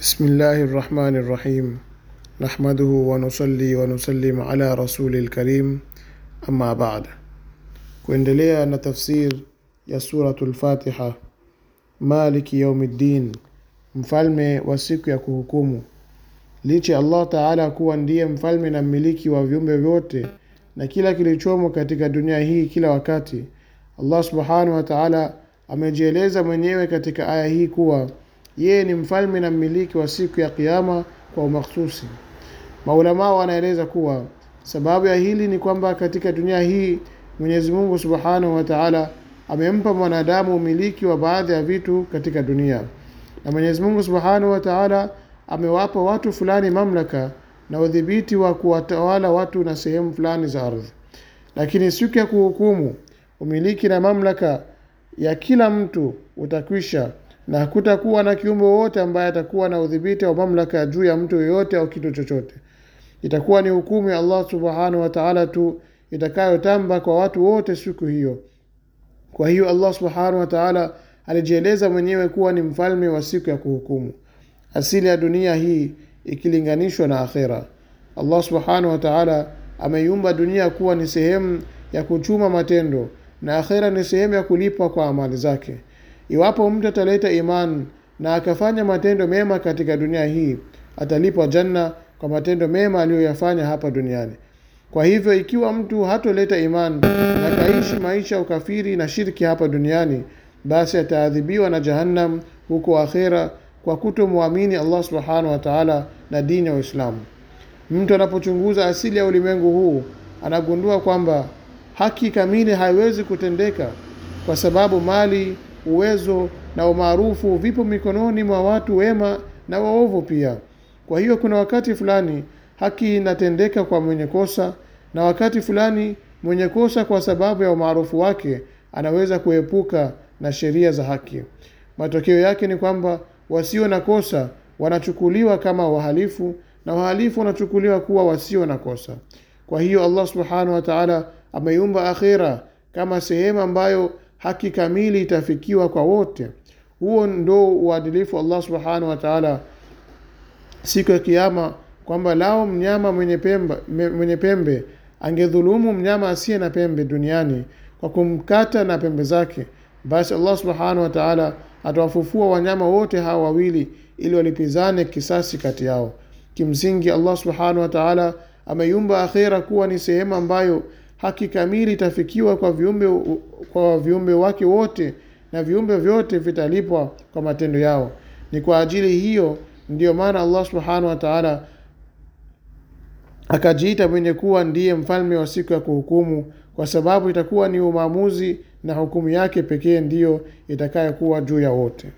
بسم الله الرحمن الرحيم نحمده ونصلي ونسلم على رسول الكريم أما بعد kuendelea na tafsir ya suratul fatiha maliki yaumiddin mfalme wa siku ya kuhukumu licha allah taala kuwa ndiye mfalme na mmiliki wa viumbe vyote na kila kilichomo katika dunia hii kila wakati allah subhanahu wa taala amejieleza mwenyewe katika aya hii kuwa yeye ni mfalme na mmiliki wa siku ya Kiyama kwa umakhususi. maulama wanaeleza kuwa sababu ya hili ni kwamba katika dunia hii Mwenyezi Mungu Subhanahu wa Ta'ala amempa mwanadamu umiliki wa baadhi ya vitu katika dunia, na Mwenyezi Mungu Subhanahu wa Ta'ala amewapa watu fulani mamlaka na udhibiti wa kuwatawala watu na sehemu fulani za ardhi, lakini siku ya kuhukumu umiliki na mamlaka ya kila mtu utakwisha na hakutakuwa na kiumbe wowote ambaye atakuwa na udhibiti wa mamlaka juu ya mtu yoyote au kitu chochote. Itakuwa ni hukumu ya Allah subhanahu wa ta'ala tu itakayotamba kwa watu wote siku hiyo. Kwa hiyo Allah subhanahu wa ta'ala alijieleza mwenyewe kuwa ni mfalme wa siku ya kuhukumu. Asili ya dunia hii ikilinganishwa na akhera. Allah subhanahu wa ta'ala ameiumba dunia kuwa ni sehemu ya kuchuma matendo na akhera ni sehemu ya kulipa kwa amali zake. Iwapo mtu ataleta imani na akafanya matendo mema katika dunia hii, atalipwa janna kwa matendo mema aliyoyafanya hapa duniani. Kwa hivyo, ikiwa mtu hatoleta imani akaishi maisha ya ukafiri na shirki hapa duniani, basi ataadhibiwa na Jahannam huko akhera kwa kutomwamini Allah subhanahu wa taala na dini ya Uislamu. Mtu anapochunguza asili ya ulimwengu huu anagundua kwamba haki kamili haiwezi kutendeka kwa sababu mali uwezo na umaarufu vipo mikononi mwa watu wema na waovu pia. Kwa hiyo kuna wakati fulani haki inatendeka kwa mwenye kosa na wakati fulani mwenye kosa kwa sababu ya umaarufu wake anaweza kuepuka na sheria za haki. Matokeo yake ni kwamba wasio na kosa wanachukuliwa kama wahalifu na wahalifu wanachukuliwa kuwa wasio na kosa. Kwa hiyo Allah subhanahu wa taala ameiumba akhira kama sehemu ambayo haki kamili itafikiwa kwa wote. Huo ndo uadilifu Allah subhanahu wa taala siku ya Kiyama, kwamba lao mnyama mwenye pembe, mwenye pembe angedhulumu mnyama asiye na pembe duniani kwa kumkata na pembe zake, basi Allah subhanahu wa taala atawafufua wanyama wote hawa wawili ili walipizane kisasi kati yao. Kimsingi, Allah subhanahu wa taala ameiumba akhera kuwa ni sehemu ambayo haki kamili itafikiwa kwa viumbe kwa viumbe wake wote, na viumbe vyote vitalipwa kwa matendo yao. Ni kwa ajili hiyo ndiyo maana Allah subhanahu wa taala akajiita mwenye kuwa ndiye mfalme wa siku ya kuhukumu, kwa sababu itakuwa ni umaamuzi na hukumu yake pekee ndiyo itakayokuwa juu ya wote.